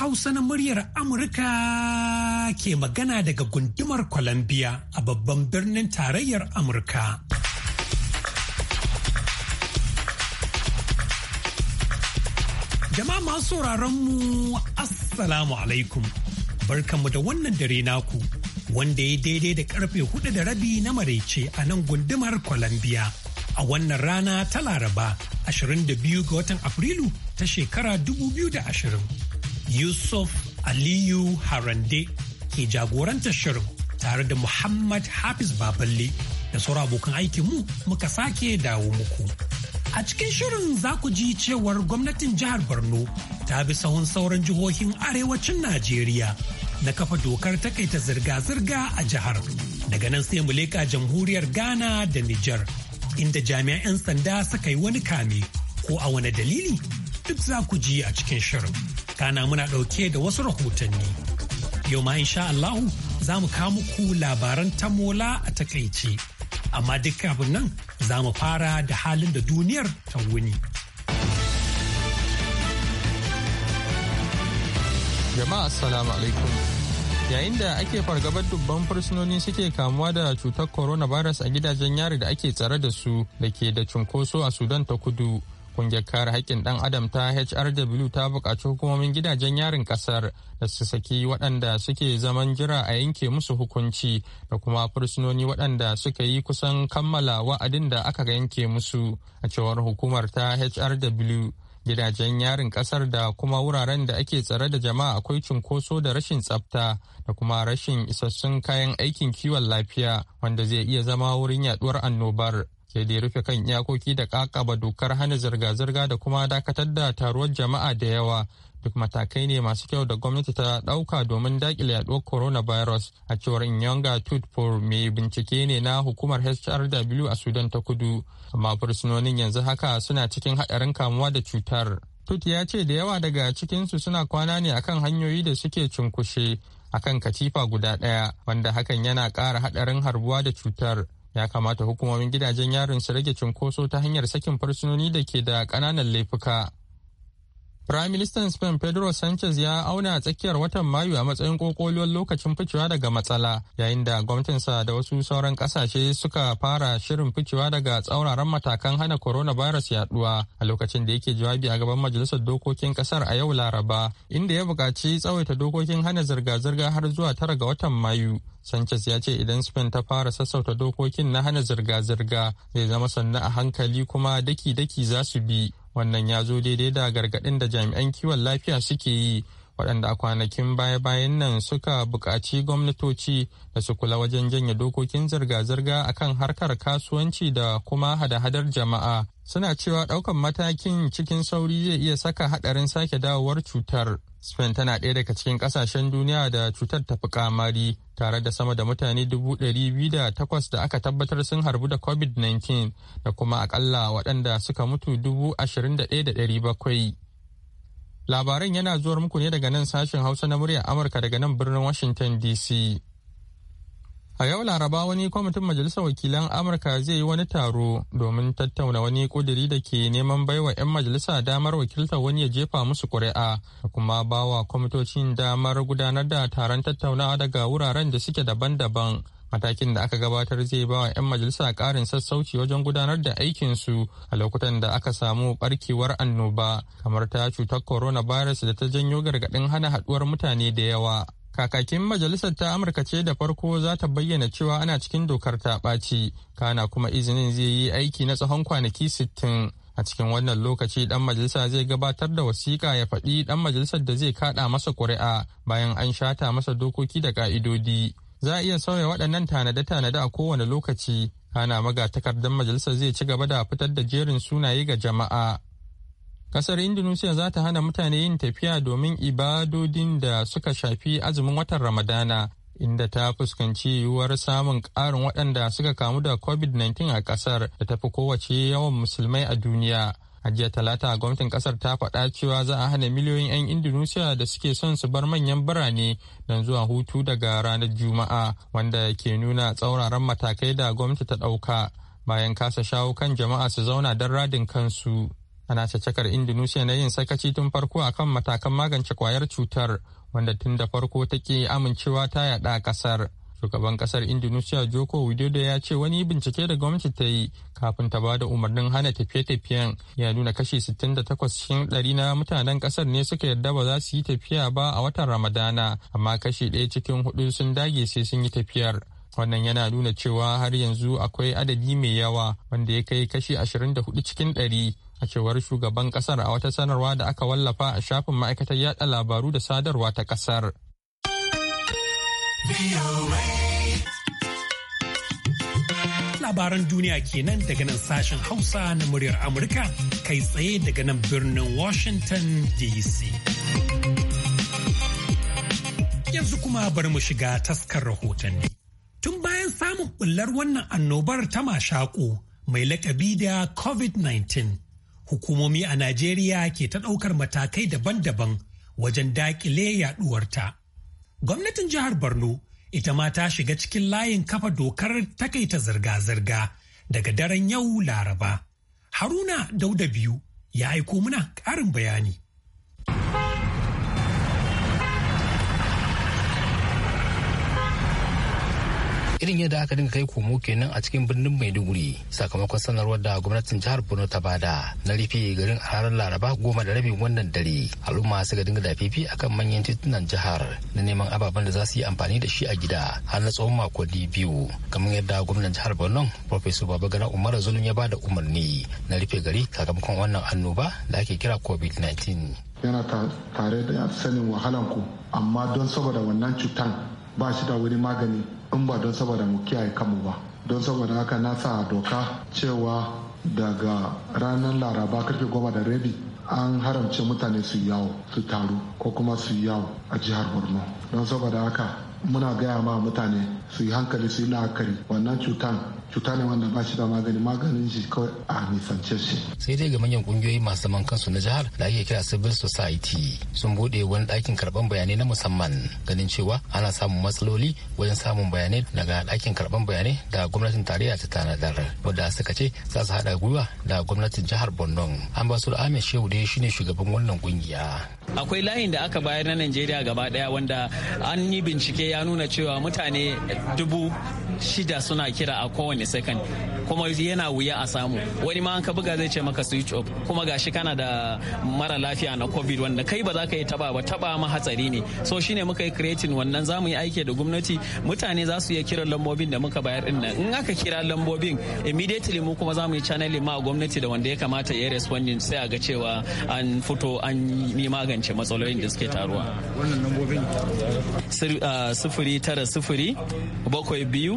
Hausa na muryar Amurka ke magana daga gundumar Columbia a babban birnin tarayyar Amurka. Jama'a masu mu Assalamu alaikum. Barkanmu da wannan dare naku wanda ya daidai da karfe hudu da rabi na maraice a nan gundumar Columbia. a wannan rana ta Laraba 22 ga watan Afrilu ta shekara 2020 Yusuf Aliyu Harande ke jagorantar shirin tare da Muhammad Hafiz Baballe da sauran abokan aikinmu muka sake dawo muku. A cikin shirin za ku ji cewar gwamnatin jihar Borno ta bi sahun sauran jihohin arewacin Najeriya na kafa dokar takaita zirga-zirga a jihar. Daga nan sai mu leƙa jamhuriyar Ghana da Nijar, inda jami'an 'yan sanda suka yi wani kame ko a wani dalili duk za ku ji a cikin shirin. kana muna ɗauke da wasu rahotanni. Yau ma insha Allahu za mu kawo muku labaran ta Mola a takaice. Amma duk abin nan za mu fara da halin da duniyar ta wuni. Jama'a Assalamu alaikum. Yayin da ake fargabar dubban fursunoni suke kamuwa da cutar coronavirus a gidajen yari da ake tsare da su da ke da cunkoso a Sudan ta kudu. Kungiyar kare haƙƙin ɗan adam ta HRW ta buƙaci hukumomin gidajen yarin ƙasar da su saki waɗanda suke zaman jira a yanke musu hukunci da kuma fursunoni waɗanda suka yi kusan kammala wa'adin da aka yanke musu a cewar hukumar ta HRW. gidajen yarin ƙasar da kuma wuraren da ake tsare da jama'a akwai cunkoso da rashin tsafta da kuma rashin isassun kayan aikin kiwon lafiya wanda zai iya zama wurin yaduwar annobar sai dai rufe kan iyakoki da kakaba dokar hana zirga-zirga da kuma dakatar da taruwar jama'a da yawa duk matakai ne masu kyau da gwamnati ta dauka domin dakile yaduwar coronavirus a cewar Nyonga Tutpur mai bincike ne na hukumar HRW a Sudan ta kudu amma fursunonin yanzu haka suna cikin haɗarin kamuwa da cutar. Tut ya ce da yawa daga cikinsu suna kwana ne akan hanyoyi da suke cunkushe akan katifa guda ɗaya wanda hakan yana ƙara haɗarin harbuwa da cutar. ya kamata hukumomin gidajen yarin su rage cunkoso ta hanyar sakin fursunoni da ke da ƙananan laifuka prime minister Spain Pedro Sanchez ya auna tsakiyar watan Mayu a matsayin kokoliyar lokacin ficewa daga matsala yayin da gwamnatinsa da wasu sauran kasashe suka fara shirin ficewa daga tsauraran matakan hana coronavirus yaduwa a lokacin da yake jawabi a gaban majalisar dokokin kasar a yau Laraba inda ya buƙaci tsawaita dokokin hana zirga-zirga har zuwa tara ga watan Mayu. Sanchez ya ce idan Spain ta fara sassauta dokokin na hana zirga-zirga zai zama sannu a hankali kuma daki-daki za su bi wannan ya zo daidai da gargaɗin da jami'an kiwon lafiya suke yi waɗanda a kwanakin baya-bayan nan suka buƙaci gwamnatoci da su kula wajen janye dokokin zirga-zirga a kan harkar kasuwanci da kuma hada-hadar jama'a suna cewa ɗaukan matakin cikin sauri zai iya saka haɗarin sake dawowar cutar Spain tana ɗaya daga cikin ƙasashen duniya da cutar ta fi kamari tare da sama da mutane biyu da aka tabbatar sun harbu da COVID-19 da kuma akalla waɗanda suka mutu 21,700. Labaran yana zuwar muku ne daga nan sashen Hausa na muryar Amurka daga nan birnin Washington DC. A yau Laraba wani kwamitin Majalisar Wakilan Amurka zai yi wani taro domin tattauna wani kuduri da ke neman baiwa 'yan majalisa damar wakiltar wani ya jefa musu ƙuri'a da kuma bawa kwamitocin damar gudanar da taron tattaunawa daga wuraren da suke daban-daban. Matakin da aka gabatar zai bawa 'yan majalisa ƙarin sassauci wajen gudanar da aikinsu a lokutan da aka samu barkewar annoba kamar ta cutar coronavirus da ta janyo gargaɗin hana haɗuwar mutane da yawa. kakakin majalisar ta amurka ce da farko za ta bayyana cewa ana cikin dokar ta ɓaci kana kuma izinin zai yi aiki na tsawon kwanaki 60 a cikin wannan lokaci dan majalisa zai gabatar da wasiƙa ya faɗi dan majalisar da zai kaɗa masa ƙuri'a bayan an shata masa dokoki da ƙa'idodi za a iya sauya waɗannan tanade-tanade a kowane lokaci kana magatakardan majalisar zai ci gaba da fitar da jerin sunaye ga jama'a Kasar Indonesia za ta hana mutane yin tafiya domin ibadodin da suka shafi azumin watan Ramadana, inda ta fuskanci yiwuwar samun ƙarin waɗanda suka kamu da COVID-19 a ƙasar da tafi kowace yawan musulmai a duniya. A jiya talata gwamnatin kasar ta faɗa cewa za a hana miliyoyin 'yan Indonesia da suke son su bar manyan birane don zuwa hutu daga ranar Juma'a wanda ke nuna tsauraran matakai da gwamnati ta ɗauka bayan kasa shawo kan jama'a su zauna don radin kansu. ana cakar indonesia na yin sakaci tun farko akan matakan magance kwayar cutar wanda tun da farko take amincewa ta yada kasar shugaban kasar indonesia joko widodo ya ce wani bincike da gwamnati ta yi kafin ta ba da umarnin hana tafiye-tafiyen ya nuna kashi 68 cikin ɗari na mutanen kasar ne suka yarda ba za su yi tafiya ba a watan ramadana amma kashi ɗaya cikin hudu sun dage sai sun yi tafiyar wannan yana nuna cewa har yanzu akwai adadi mai yawa wanda ya kai kashi 24 cikin ɗari. a cewar shugaban kasar a wata sanarwa da aka wallafa a shafin ma'aikatar yada labaru da sadarwa ta kasar. Labaran duniya kenan daga nan sashen Hausa na muryar Amurka kai tsaye daga nan birnin Washington DC. Yanzu kuma bari mu shiga taskar rahotanni. Tun bayan samun bullar wannan annobar ta mashaƙo mai lakabi da COVID-19. hukumomi a Najeriya ke ta ɗaukar matakai daban-daban wajen daƙile yaɗuwarta. Gwamnatin jihar Borno ita ma ta shiga cikin layin kafa dokar takaita zirga-zirga daga daren yau Laraba. Haruna Dauda biyu ya aiko muna ƙarin bayani. irin yadda aka dinga kai komo kenan a cikin birnin maiduguri sakamakon sanarwar da gwamnatin jihar borno ta bada na rufe garin a ranar laraba goma da rabin wannan dare al'umma ga dinga da fifi akan manyan titunan jihar na neman ababen da za su yi amfani da shi a gida har na tsawon makonni biyu kamar yadda gwamnan jihar borno professor babagana umar zulum ya bada umarni na rufe gari sakamakon wannan annoba da ake kira covid-19 yana tare da sanin wahalanku amma don saboda wannan cutan ba shi da wani magani in ba don saboda mu kiyaye kanmu ba don saboda haka na sa doka cewa daga ranar laraba karfe goma da rabi an haramce mutane su yawo su taru ko kuma su yawo a jihar borno don saboda haka muna gaya ma mutane su yi hankali su yi la'akari wannan cutan cuta ne wanda ba shi da magani maganin shi kawai a nisance shi. sai dai ga manyan kungiyoyi masu zaman kansu na jihar da ake kira civil society sun bude wani dakin karban bayanai na musamman ganin cewa ana samun matsaloli wajen samun bayanai daga dakin karban bayanai da gwamnatin tarayya ta tanadar wadda suka ce za su haɗa gwiwa da gwamnatin jihar borno an ba da amin shehu dai shine shugaban wannan kungiya. akwai layin da aka bayar na najeriya gaba daya wanda an yi bincike ya nuna cewa mutane dubu shida suna kira a kowane mai second kuma yana wuya a samu wani ma an ka buga zai ce maka switch off kuma gashi kana da mara lafiya na covid wanda kai ba za ka yi taba ba taba ma hatsari ne so shine muka yi creating wannan zamu yi aiki da gwamnati mutane za su iya kiran lambobin da muka bayar din nan in aka kira lambobin immediately mu kuma zamu yi channeling ma gwamnati da wanda ya kamata ya responding sai a ga cewa an fito an yi magance matsalolin da suke taruwa wannan sifiri ah, tara sifiri bakwai biyu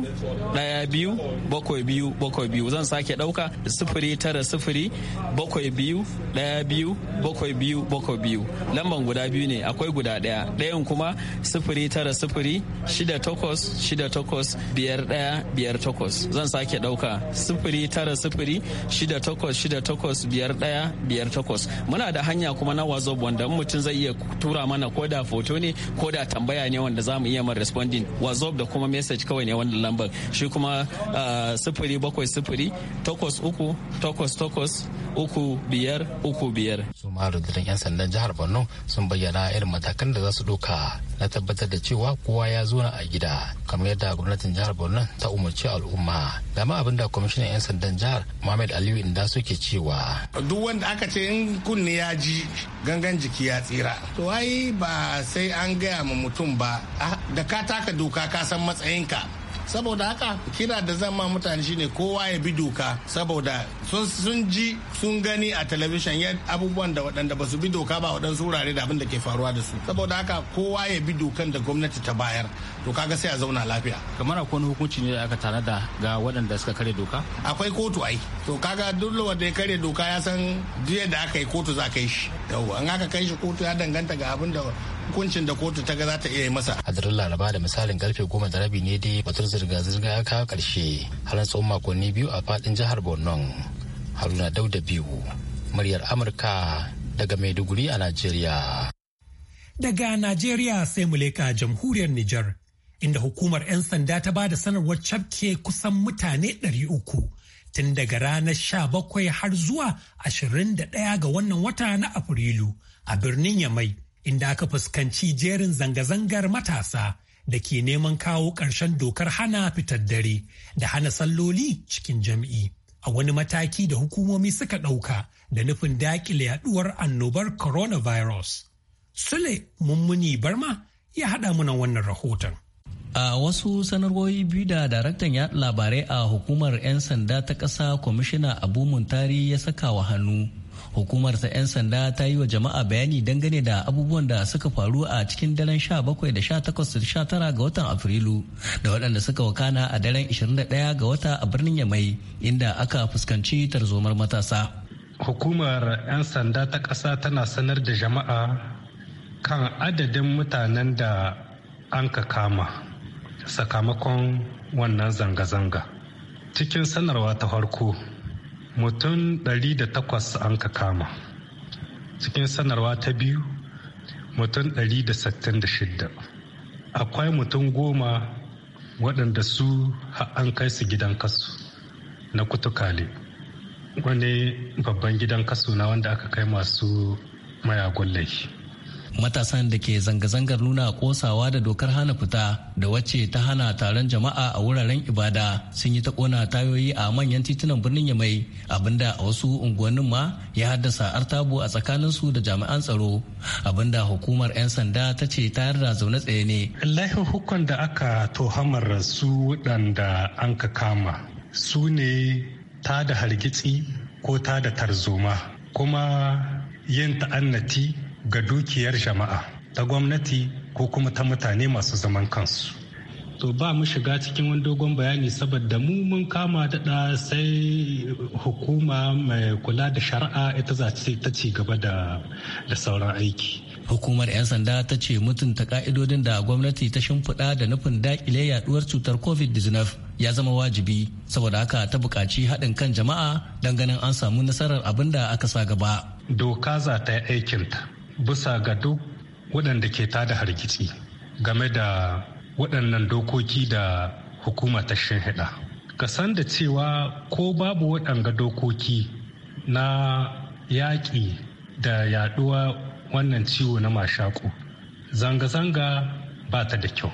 daya biyu bakwai biyu bakwai bakwai biyu zan sake dauka sifiri tara sifiri bakwai biyu daya biyu bakwai biyu bakwai biyu lamban guda biyu ne akwai guda daya dayan kuma sifiri tara sifiri shida takwas shida takwas biyar daya biyar takwas zan sake dauka sifiri tara sifiri shida takwas shida takwas biyar daya biyar takwas muna da hanya kuma na whatsapp wanda mutum zai iya tura mana ko da foto ne ko da tambaya ne wanda za mu iya man responding whatsapp da kuma message kawai ne wanda lambar shi kuma ah, sifiri bakwai bakwai sifiri takwas uku takwas takwas uku biyar uku biyar. su ma 'yan sandan jihar borno sun bayyana irin matakan da za su doka na tabbatar da cewa kowa ya zo a gida kamar yadda gwamnatin jihar borno ta umarci al'umma dama abin da kwamishinan 'yan sandan jihar muhammad aliyu inda suke cewa duk wanda aka ce in kunne ya ji gangan jiki ya tsira to ai ba sai an gaya ma mutum ba ah, da ka taka doka ka san matsayinka saboda haka kira da zan ma mutane shine kowa ya bi doka saboda sun ji sun gani a talabishin ya abubuwan da waɗanda ba su bi doka ba waɗansu wurare da abin da ke faruwa da su saboda haka kowa ya bi dokan da gwamnati ta bayar to kaga sai a zauna lafiya kamar akwai wani hukunci ne da aka da ga waɗanda suka kare doka akwai kotu ai to kaga duk wanda ya kare doka ya san jiya da aka yi kotu za ka yi shi yawwa an aka kai shi kotu ya danganta ga abin da hukuncin da kotu ta ga za ta iya yi masa. A daren Laraba da misalin karfe goma da rabi ne dai batun zirga-zirga ya kawo karshe har tsawon makonni biyu a faɗin jihar Borno. Haruna Dauda biyu muryar Amurka daga Maiduguri a Najeriya. Daga Najeriya sai mu leka jamhuriyar Nijar inda hukumar 'yan sanda ta ba da sanarwar cafke kusan mutane 300 tun daga ranar 17 har zuwa 21 ga wannan wata na Afrilu a birnin Yamai. inda aka fuskanci jerin zanga-zangar matasa da ke neman kawo ƙarshen dokar hana fitar dare da hana salloli cikin jam'i a wani mataki da hukumomi suka ɗauka da nufin daƙile yaduwar annobar coronavirus. Sule mummuni barma ya haɗa muna wannan rahoton. A wasu sanarwoyi biyu da daraktan yaɗa labarai a hukumar 'yan sanda ta ƙasa kwamishina Abu Muntari ya saka wa hannu. hukumar ta 'yan sanda ta yi wa jama'a bayani dangane da abubuwan da suka faru a cikin daren 17 da 18 19 ga watan afrilu da waɗanda suka wakana a daren 21 ga wata a birnin yamai inda aka fuskanci tarzomar matasa hukumar 'yan sanda ta ƙasa tana sanar da jama'a kan adadin mutanen da an ka kama sakamakon wannan zanga-zanga cikin sanarwa ta farko mutum ɗari 108 an ka kama cikin sanarwa ta biyu mutum ɗari da da 166 akwai mutum goma waɗanda su an kai su gidan kasu na kutukale wani babban gidan kasu na wanda aka kai masu mayagun laifi matasan da ke zanga-zangar nuna kosawa da dokar hana fita da wacce ta hana taron jama'a a wuraren ibada sun yi ta kona tayoyi a manyan titunan birnin yamai abinda a wasu unguwannin ma ya haddasa artabu a tsakanin su da jami'an tsaro abinda hukumar 'yan sanda ta ce ta yarda zaune tsaye ne lahin hukun da aka tohamar su waɗanda an ka kama su ne ta da hargitsi ko ta da tarzoma kuma yin ta'annati ga dukiyar jama'a ta gwamnati ko kuma ta mutane masu zaman kansu to ba mu shiga cikin wani dogon bayani saboda mu mun kama daɗa sai hukuma mai kula da shari'a ita za ta ci gaba da sauran aiki hukumar 'yan sanda ta ce mutunta ka'idodin da gwamnati ta shimfiɗa da nufin daƙile yaɗuwar cutar covid-19 ya zama wajibi saboda haka ta buƙaci haɗin kan jama'a don ganin an samu nasarar abin da aka sa gaba doka za ta yi aikinta bisa ga duk waɗanda ke tada hargitsi game da waɗannan dokoki da hukuma ta ka san da cewa ko babu waɗanga dokoki na yaƙi da yaɗuwa wannan ciwo na mashaƙo. Zanga-zanga ba ta da kyau,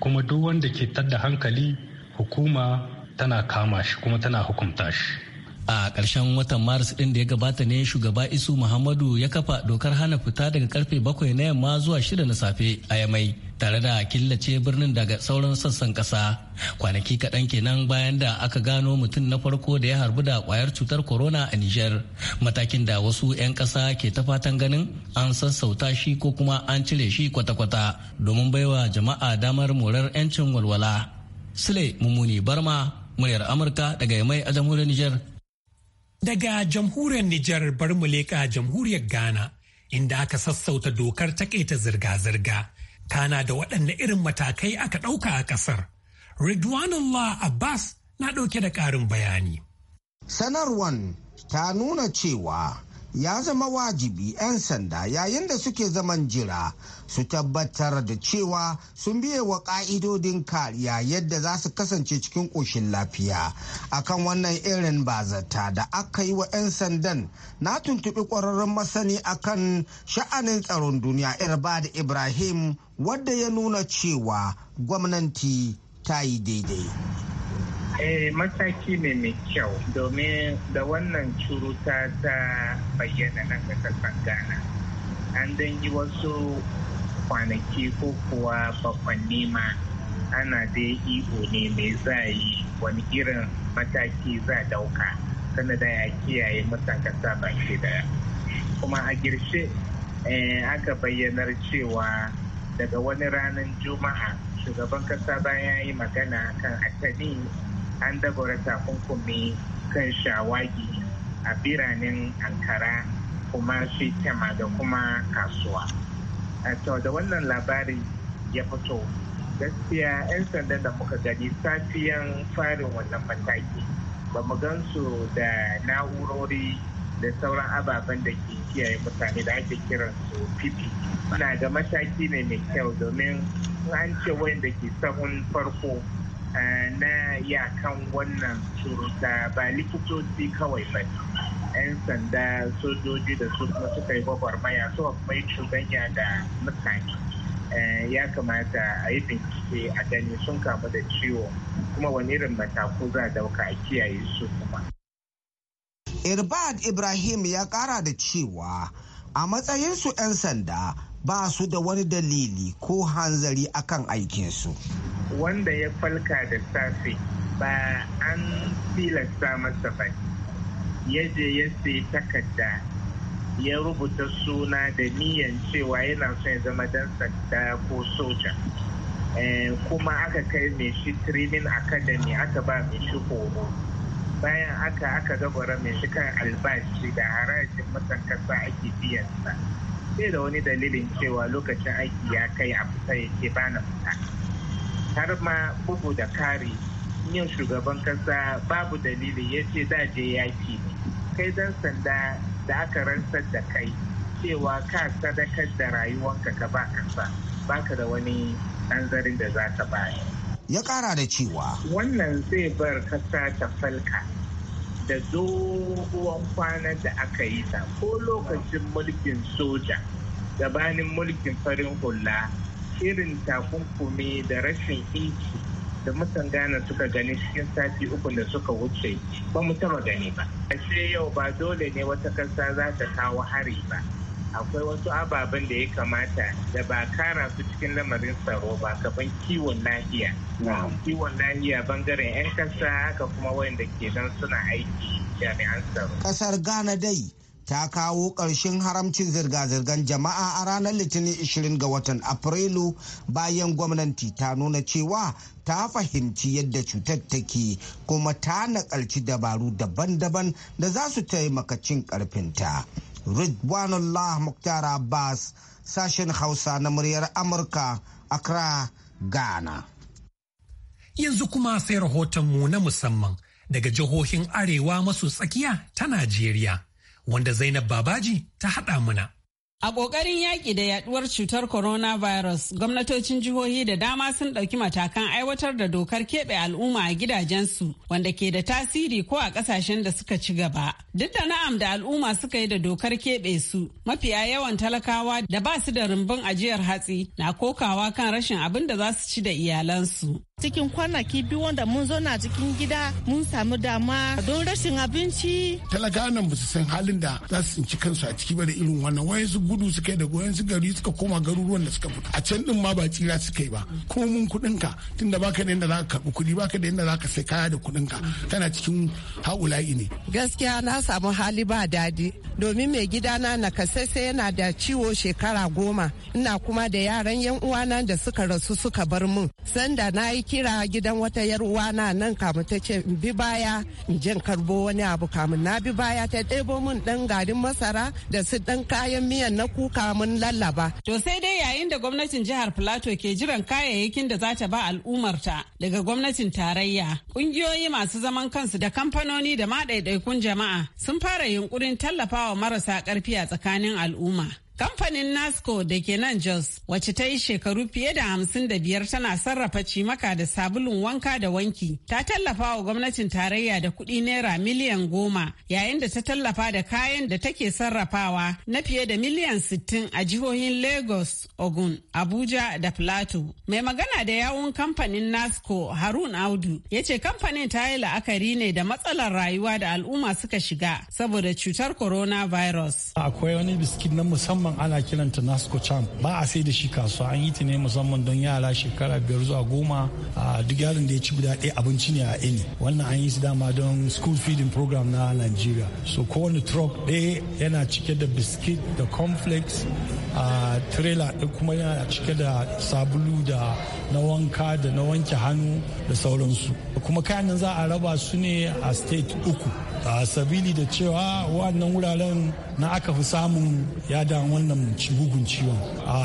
kuma duk wanda ke tadda hankali hukuma tana kama shi kuma tana hukunta shi. a ƙarshen watan maris ɗin da ya gabata ne shugaba isu muhammadu ya kafa dokar hana fita daga karfe bakwai na yamma zuwa shida na safe a yamai tare da killace birnin daga sauran sassan ƙasa kwanaki kaɗan kenan bayan da aka gano mutum na farko da ya harbu da kwayar cutar corona a niger matakin da wasu 'yan ƙasa ke ta fatan ganin an sassauta shi ko kuma an cire shi kwata-kwata domin baiwa jama'a damar morar 'yancin walwala sule mummuni barma muryar amurka daga yamai a jamhuriyar niger Daga jamhuriyar Nijar bari mu leƙa jamhuriyar Ghana inda aka sassauta dokar takaita zirga-zirga. Kana da waɗanne irin matakai aka ɗauka a ƙasar. Ridwanullah Abbas na ɗauke da ƙarin bayani. Sanarwan ta nuna cewa ya zama wajibi 'yan sanda yayin da suke zaman jira su tabbatar da cewa sun biye wa ka'idodin kariya yadda za su kasance cikin ƙoshin lafiya akan wannan irin bazata da aka yi wa 'yan sandan na tuntuɓi ƙwararren masani akan sha'anin tsaron duniya irbad ibrahim wadda ya nuna cewa gwamnati ta yi daidai Eh, mataki ne mai kyau domin da wannan curuta ta bayyana nan kasar ghana an dan yi wasu kwanaki ko kuwa bakwanni ma ana dai ihu ne mai za yi wani irin mataki za dauka sanada ya kiyaye matakasa baki daya kuma a girshe eh, aka bayyanar cewa daga wani ranar juma'a shugaban ƙasa bayan ya yi magana kan atani an dagora takunkumi kan shawagi a biranen ankara kuma shi tema da kuma kasuwa eh, to da wannan labari ya fito gaskiya 'yan sandan da muka gani safiyan farin wannan mataki ba mu gansu da na'urori da sauran ababen da ke kiyaye mutane da ake kiran su pipi na ga mataki ne mai kyau domin an ce wayanda ke sahun farko Eh, na yakan wannan cuta ba likitoci kawai ba 'yan sanda sojoji da su kuma suka yi gwagwarmaya suka kuma yi ganya da mutane eh, ya kamata a yi bincike a gani sun kamu da ciwo kuma wani irin mataku za a dauka a kiyaye su kuma. irbad ibrahim ya kara da cewa a matsayinsu 'yan sanda ba su da wani dalili ko hanzari akan aikinsu. Wanda ya falka da safe ba an filasta masa ba, ya je ya sai takarda ya rubuta suna da niyan cewa yana son ya zama dan sanda ko soja. Eh, kuma aka kai mai shi training academy aka ba mai shi horo bayan aka aka gabara mai shi kan albashi da harajin matan kasa ake biyan sa. sai da wani dalilin cewa lokacin aiki ya kai a fita ya ke bana fita har ma bugu da kari yin shugaban kasa babu dalili ya ce daje yaki ne kai dan sanda da aka rantsar da kai cewa ka sadakar da rayuwanka ka ba kasa baka da wani ɗanzarin da za ka baya. ya ƙara da cewa wannan zai bar kasa ta falka da doguwan kwanan da aka yi ta ko lokacin mulkin soja gabanin mulkin farin hula irin takunkumi da rashin inci da mutan gane suka gani cikin sati uku da suka wuce ba mu taba gani ba ashe yau ba dole ne wata ƙasa za ta kawo hari ba akwai wasu ababen da ya kamata da ba kara su cikin lamarin tsaro ba kaban kiwon lahiya kiwon lahiya bangaren 'yan kasa haka kuma wanda ke nan suna aiki jami'an tsaro kasar ghana dai ta kawo ƙarshen haramcin zirga-zirgar jama'a a ranar litinin 20 ga watan afrilu bayan gwamnati ta nuna cewa ta fahimci yadda cutar take kuma ta naƙalci dabaru daban-daban da za su taimaka cin ƙarfinta. Ridwanullah Muktar Abbas sashen Hausa na muryar Amurka Accra, Ghana. Yanzu kuma sai rahotonmu na musamman daga jihohin Arewa maso tsakiya ta Najeriya, wanda Zainab Babaji ta haɗa muna. A ƙoƙarin yaƙi da yaɗuwar cutar coronavirus, gwamnatocin jihohi da dama sun ɗauki matakan aiwatar da dokar keɓe al'umma a gidajensu wanda ke da tasiri ko a ƙasashen da suka ci gaba. Duk da na'am da al'umma suka yi da dokar keɓe su, mafiya yawan talakawa da ba su da rumbun ajiyar hatsi na kokawa kan rashin abin da za su ci da iyalansu. cikin kwanaki biyu wanda mun zo na cikin gida mun samu dama don rashin abinci. Talakawa nan ba su san halin da za su tsinci kansu a ciki ba da irin wannan wayansu gudu suka yi goyon su gari suka koma garuruwan da suka fito a can din ma ba tsira suka yi ba ko mun kuɗin ka tunda baka da inda za ka karɓi kuɗi baka da inda za ka sai kaya da kuɗin ka tana cikin haula'i ne gaskiya na samu hali ba dadi domin mai gidana na kasese yana da ciwo shekara goma ina kuma da yaran yan uwana da suka rasu suka bar mun sanda na yi kira gidan wata yar uwana nan kamun ta ce bi baya in jin karbo wani abu kamun na bi baya ta ɗebo mun ɗan garin masara da su ɗan kayan miyan na kuka mun lallaba. To sai dai yayin da gwamnatin jihar Filato ke jiran kayayyakin da za ta ba al'ummarta daga gwamnatin tarayya, kungiyoyi masu zaman kansu da kamfanoni da ma jama'a sun fara yunkurin tallafawa marasa ƙarfi a tsakanin al'umma. Kamfanin Nasco da ke nan Jos, wacce ta yi shekaru fiye da hamsin da biyar tana sarrafa cimaka da sabulun wanka da wanki, ta tallafa wa gwamnatin tarayya da kuɗi naira miliyan goma yayin da ta tallafa da kayan da take sarrafawa na fiye da miliyan sittin a jihohin Lagos, Ogun, Abuja da Plateau. Mai magana da yawun kamfanin Nasco Harun Audu ya ce kamfanin ta yi la'akari ne da matsalar rayuwa da al'umma suka shiga saboda cutar coronavirus. Akwai wani biskit na musamman musamman ana kiranta nasco champ ba a sai da shi kasuwa an yi ta ne musamman don yara shekara biyar zuwa goma a duk yaron da ya ci guda ɗaya abinci ne a ini wannan an yi su dama don school feeding program na nigeria so kowane truck ɗaya yana cike da biskit da cornflakes a trailer ɗin kuma yana cike da sabulu da na wanka da na wanke hannu da sauransu kuma kayan nan za a raba su ne a state uku a sabili da cewa wannan wuraren na aka fi samun ya damu wannan bugun ciwon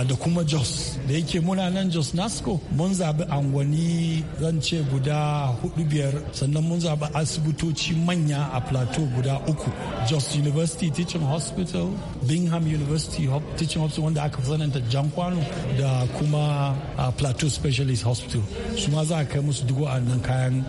da kuma jos da yake muna nan jos nasco mun zaɓi angwani zan ce guda hudu biyar sannan mun zaɓi asibitoci manya a plateau guda uku jos university teaching hospital bingham university teaching hospital wanda aka fi sananta jan kwano da kuma plateau specialist hospital su ma za a kai musu duk wa'annan kayan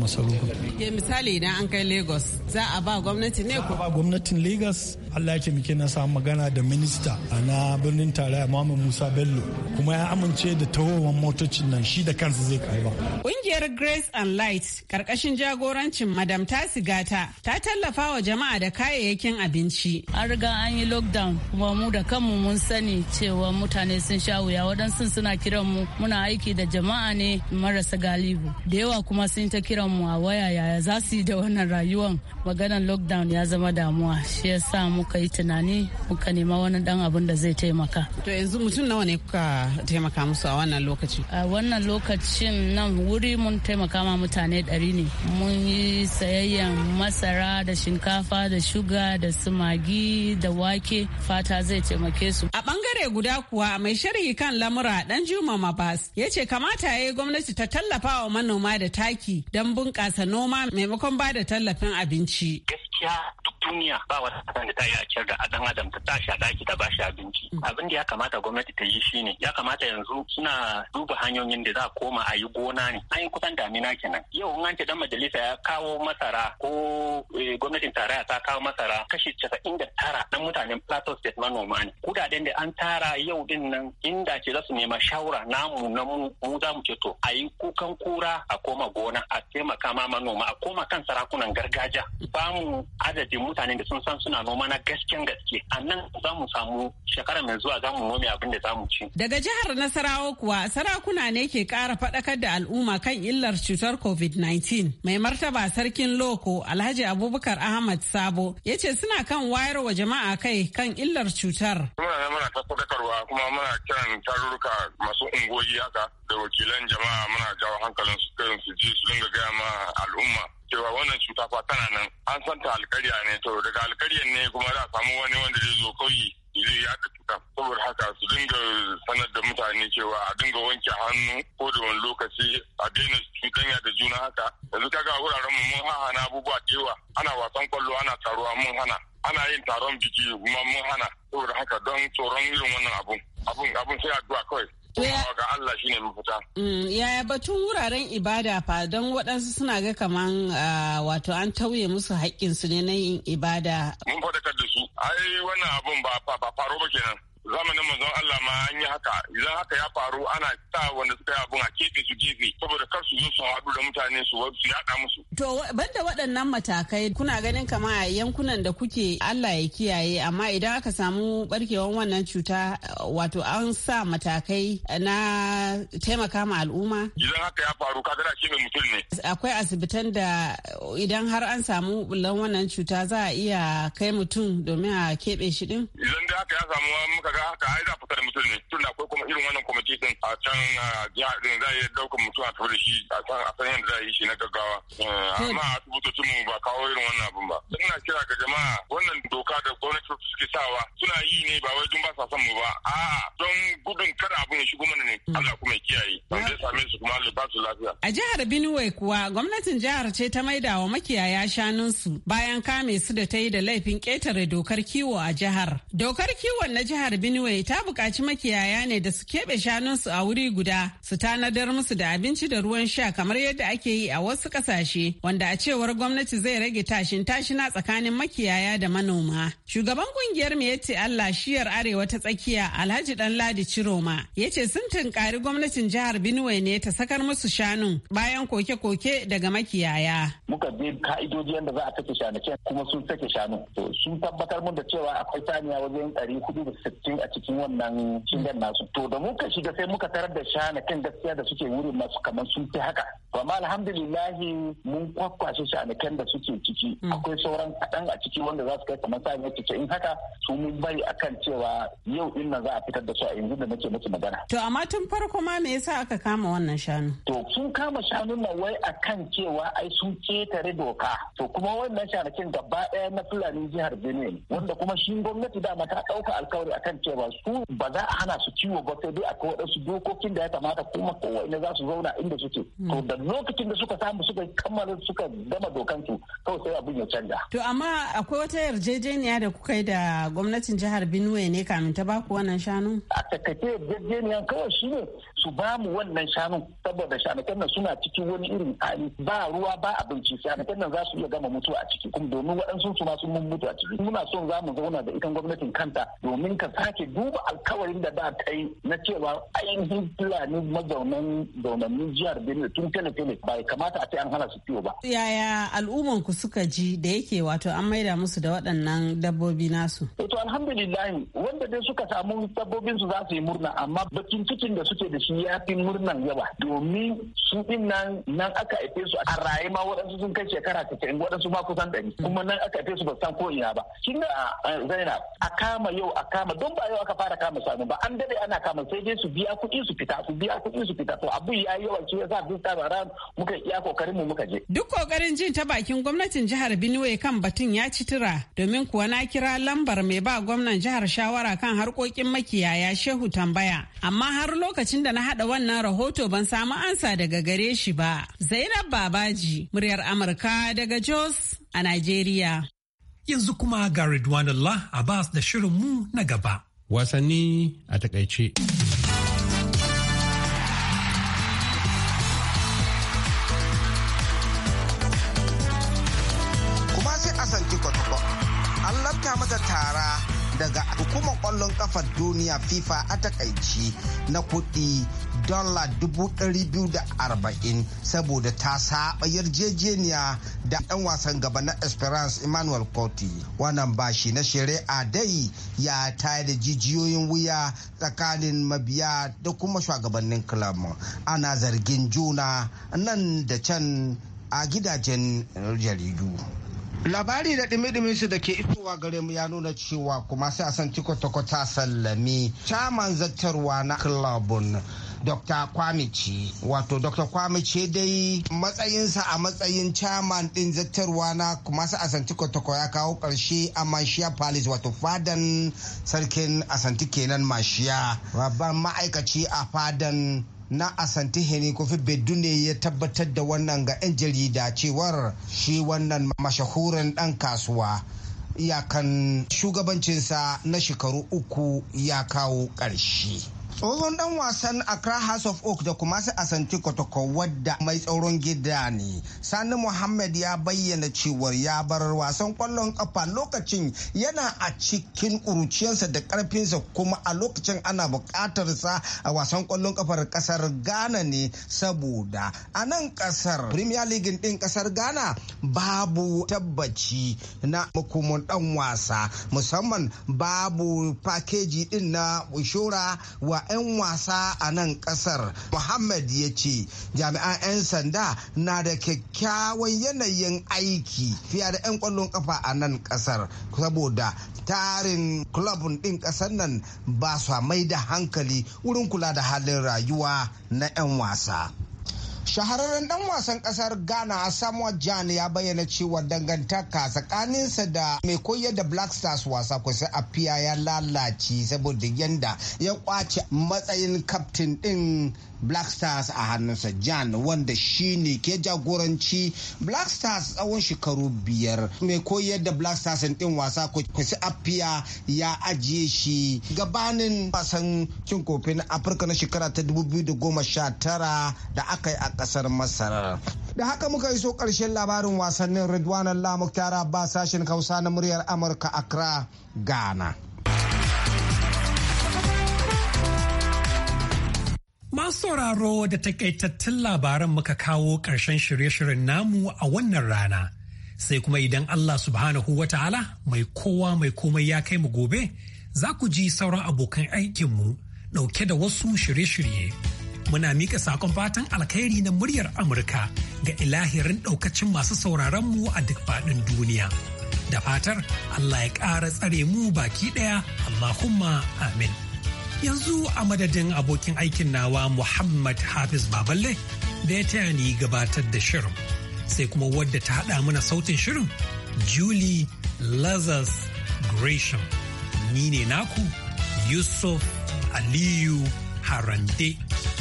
masarufi misali idan an kai lagos za a ba gwamnati ne ko ba gwamnatin lagos allah ya ke muke na samu magana da ministry minista na birnin tarayya Muhammad Musa Bello kuma ya amince da tahowar motocin nan shi da kansa zai karba. Kungiyar Grace and Light karkashin jagorancin Madam Tasi Gata ta tallafa wa jama'a da kayayyakin abinci. An riga an yi lockdown kuma mu da kanmu mun sani cewa mutane sun sha wuya waɗansu suna kiran mu muna aiki da jama'a ne marasa galibu. Da yawa kuma sun ta kiran mu a waya yaya za su yi da wannan rayuwan maganan lockdown ya zama damuwa shi yasa muka yi tunani muka nema wani ganin dan abin da zai taimaka. To yanzu mutum nawa ne kuka taimaka musu a wannan lokaci? A wannan lokacin nan wuri mun taimaka ma mutane ɗari ne. Mun yi sayayyan masara da shinkafa da shuga da su magi da wake fata zai taimake su. A bangare guda kuwa mai sharhi kan lamura dan Juma Mabas ya ce kamata ya yi gwamnati ta tallafa wa manoma da taki don bunƙasa noma maimakon ba da tallafin abinci. Gaskiya duniya ba wata kasan da ta yi a da dan adam ta tashi a daki ta bashi abinci mm. abin da ya kamata gwamnati ta yi shine ya kamata yanzu suna duba hanyoyin da za a koma a yi gona ne an yi kusan damina kenan yau in an ce dan majalisa ya kawo masara ko eh, gwamnatin tarayya ta kawo masara kashi casa'in da tara na mutanen plateau state manoma ne kudaden da an tara yau din nan inda ce za su nema shawara namu na mu za mu ce to a yi kukan kura a koma gona a taimaka ma manoma a koma kan sarakunan gargajiya ba mu adadin mutanen da sun san suna noma na gasken gaske a nan za mu samu shekara mai zuwa za mu nome abin da za mu ci. Daga jihar Nasarawa kuwa sarakuna ne ke ƙara faɗakar da al'umma kan illar cutar COVID-19. Mai martaba sarkin Loko Alhaji Abubakar Ahmad Sabo ya ce suna kan wayar wa jama'a kai kan illar cutar. Muna ne muna faɗakarwa kuma muna kiran tarurruka masu ungoyi haka da wakilan jama'a muna jawo hankalin su su ji su dinga gaya ma al'umma cewa wannan cuta fa tana nan an san ta alkarya ne to daga alkaryan ne kuma za a samu wani wanda zai zo kauye zai yaka cuta saboda haka su dinga sanar da mutane cewa a dinga wanke hannu ko da wani lokaci a daina cuɗanya da juna haka yanzu kaga wuraren mu mun hana abubuwa cewa ana wasan kwallo ana taruwa mun hana ana yin taron biki kuma mun hana saboda haka don tsoron irin wannan abun abun abun sai addu'a kawai ga Allah shine mafita. Mm, yaya batun wuraren ibada fa don waɗansu suna ga kaman ah, wato an tauye musu haƙƙinsu ne na yin ibada. Mun faɗakar da su, ai wannan abun ba faro ba kenan. zamanin zan Allah ma an yi haka idan haka ya faru ana sa wanda suka yi abun a kefe su kefe saboda kar su zo su haɗu da mutane su su yaɗa musu. To banda waɗannan matakai kuna ganin kama yankunan da kuke Allah ya kiyaye amma idan aka samu barkewar wannan cuta wato an sa matakai na taimaka ma al'umma. Idan haka ya faru ka gada kefe mutum ne. Akwai asibitan da idan har an samu bulan wannan cuta za a iya kai mutum domin a keɓe shi ɗin. Idan da haka ya samu muka kaga haka ai za da mutum ne tun akwai kuma irin wannan kwamiti din a can jihar din za a yi daukar mutum a tafi da shi a san a san yadda za a yi shi na gaggawa eh, hmm. amma asibitocin mu ba kawo irin wannan abin ba ina kira ga jama'a wannan doka da gwamnati suke sawa suna yi ne ba wai dun ba sa son mu ba a'a don gudun kada abin ya shigo mana ne hmm. Allah kuma ya kiyaye an ya same su kuma Allah ba su lafiya a jihar Benue kuwa gwamnatin jihar ce ta maida wa makiyaya shanunsu bayan kame su da ta yi da laifin ketare dokar kiwo a jihar dokar kiwon na jihar Benue ta bukaci makiyaya ne da su keɓe shanunsu a wuri guda su tanadar musu da abinci da ruwan sha kamar yadda ake yi a wasu ƙasashe wanda a cewar gwamnati zai rage tashin tashina tsakanin makiyaya da manoma. Shugaban kungiyar me yace Allah shiyar arewa ta tsakiya Alhaji Danladi Ciroma ya ce sun tunkari gwamnatin jihar Benue ne ta sakar musu shanun bayan koke-koke daga makiyaya. Muka je ka'idoji yadda za a sake kuma sun sake shanu. To sun tabbatar mun da cewa akwai saniya wajen ɗari hudu da sittin cikin a cikin wannan shigan nasu to da muka shiga sai muka tarar da kan gaskiya da suke wurin masu kamar sun fi haka amma alhamdulillahi mun kwakwashe shanakin da suke ciki mm. akwai sauran kaɗan a ciki wanda za su kai kamar sa ne in haka su mun bari akan cewa yau din nan za a fitar da su a yanzu da nake miki magana to amma tun farko ma me yasa aka kama wannan shanu to sun kama shanu na wai akan cewa ai sun ketare doka to kuma wannan shanakin gaba ɗaya na fulani jihar Benue wanda kuma shi gwamnati dama ta ɗauka alkawari akan cewa su ba za a hana su ciwo ba sai dai akwai waɗansu dokokin da ya kamata kuma kowa ne za su zauna inda suke to da lokacin da suka samu suka kammala suka gama dokan su kawai sai abin ya canja to amma akwai wata yarjejeniya da kuka yi da gwamnatin jihar Benue ne kamin ta baku wannan shanu a takaice yarjejeniyan kawai ne. su ba mu wannan shanu saboda shanukan nan suna cikin wani irin hali ba ruwa ba abinci shanukan nan za su iya gama mutuwa a ciki kuma domin waɗansu su ma sun mutu a ciki muna son za mu zauna da ikan gwamnatin kanta domin ka sake duba alkawarin da ba ta yi na cewa ainihin fulani mazaunan zaunanin jihar benin tun tele tele ya kamata a ce an hana su kiwo ba. Yaya al'umman ku suka ji da yake wato an maida musu da waɗannan dabbobi nasu? wato eh, alhamdulillah wanda dai suka samu dabbobinsu za su yi murna amma bakin cikin da suke da shi shi ya fi murnan yawa domin su din nan nan aka haife su a raye ma waɗansu sun kai shekara casa'in waɗansu ma kusan ɗari kuma nan aka haife su ba san ko ina ba shi ne zaina a kama yau a kama don ba yau aka fara kama sanu ba an dade ana kama sai dai su biya kuɗi su fita su biya kuɗi su fita to abu ya yi yawa shi yasa duk ta bara muka iya kokarin mu muka je. duk kokarin jin ta bakin gwamnatin jihar Benue kan batun ya ci tura domin kuwa na kira lambar mai ba gwamnan jihar shawara kan harkokin makiyaya Shehu tambaya amma har lokacin da na na haɗa wannan rahoto ban samu ansa daga gare shi ba. Zainab Babaji, muryar Amurka daga Jos a Najeriya. Yanzu kuma ga Ridwanullah Abbas da shirinmu na gaba. Wasanni a takaice. mata tara daga hukumar kwallon kafar duniya fifa a takaici na kuɗi dala arba'in saboda ta saba yarjejeniya da ɗan wasan gaba na esperance emmanuel Coty. wannan shi na shari'a dai ya tayar da jijiyoyin wuya tsakanin mabiya da kuma shugabannin club ana zargin juna nan da can a gidajen jaridu. labari da ɗimi su da ke isowa gare mu ya nuna cewa kuma sai a san tikotoko ta sallami caman zartarwa na kilabun dr kwamici wato dr kwamici dai matsayinsa a matsayin chairman din zattarwa na kuma su san tikotoko ya kawo ƙarshe a mashiya palace wato fadan sarkin asanti kenan mashiya babban ma'aikaci a fadan na asante hene kofi beddu ne ya tabbatar da wannan ga 'yan jarida cewar shi wannan mashahuran dan kasuwa iyakan shugabancinsa na shekaru uku ya kawo ƙarshe. tsohon dan wasan accra house of oak da kuma su asanti kotoko wadda mai tsoron gida ne sani muhammad ya bayyana cewar ya bar wasan kwallon kafa lokacin yana a cikin kuruciyarsa da karfinsa kuma a lokacin ana bukatar sa a wasan kwallon kafar kasar ghana ne saboda a nan kasar premier league din kasar ghana babu tabbaci na makomon dan wasa musamman babu pakeji din na shora wa 'yan wasa a nan kasar muhammad ya ce jami'an 'yan sanda na da kyakkyawan yanayin aiki fiye da 'yan kwallon kafa a nan kasar saboda tarin kulabun din kasar nan ba su mai da hankali wurin kula da halin rayuwa na 'yan wasa shahararren dan wasan kasar ghana samuel jan ya bayyana cewa dangantaka tsakaninsa da mai koyar da black stars wasa kusa a fiya ya lalace saboda yanda ya kwace matsayin kaftin din black stars a hannunsa jan wanda shi ne ke jagoranci black stars tsawon shekaru biyar mai koyar da black stars din wasa kwasi afiya ya ajiye shi gabanin wasan cin kofin afirka na shekara ta 2019 da aka yi a kasar masar da haka muka yi so karshen labarin wasannin ridwanan lamuk tara ba sashen hausa na muryar amurka accra ghana Masu sauraro da takaitattun labaran muka kawo ƙarshen shirye-shiryen namu a wannan rana. Sai kuma idan Allah subhanahu wa ta'ala mai kowa mai komai ya kai mu gobe, za ku ji sauran abokan aikinmu ɗauke da wasu shirye-shirye. Muna miƙa saƙon fatan alkhairi na muryar Amurka ga ilahirin ɗaukacin masu sauraronmu a duk faɗin duniya. Da fatar Allah ya ƙara tsare mu baki ɗaya, Allahumma amin. yanzu a madadin abokin aikin nawa Muhammad Hafiz Baballe da ya taya ni gabatar da shirin sai kuma wadda ta haɗa mana sautin shirin Julie Lazarus Gresham ni ne naku Yusuf Aliyu Harande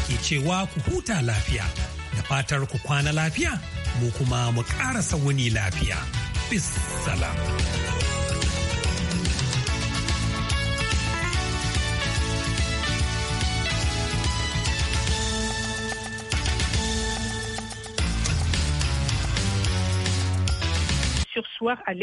ke cewa ku huta lafiya da fatar ku kwana lafiya mu kuma mu ƙara wuni lafiya. Bis salam. soir à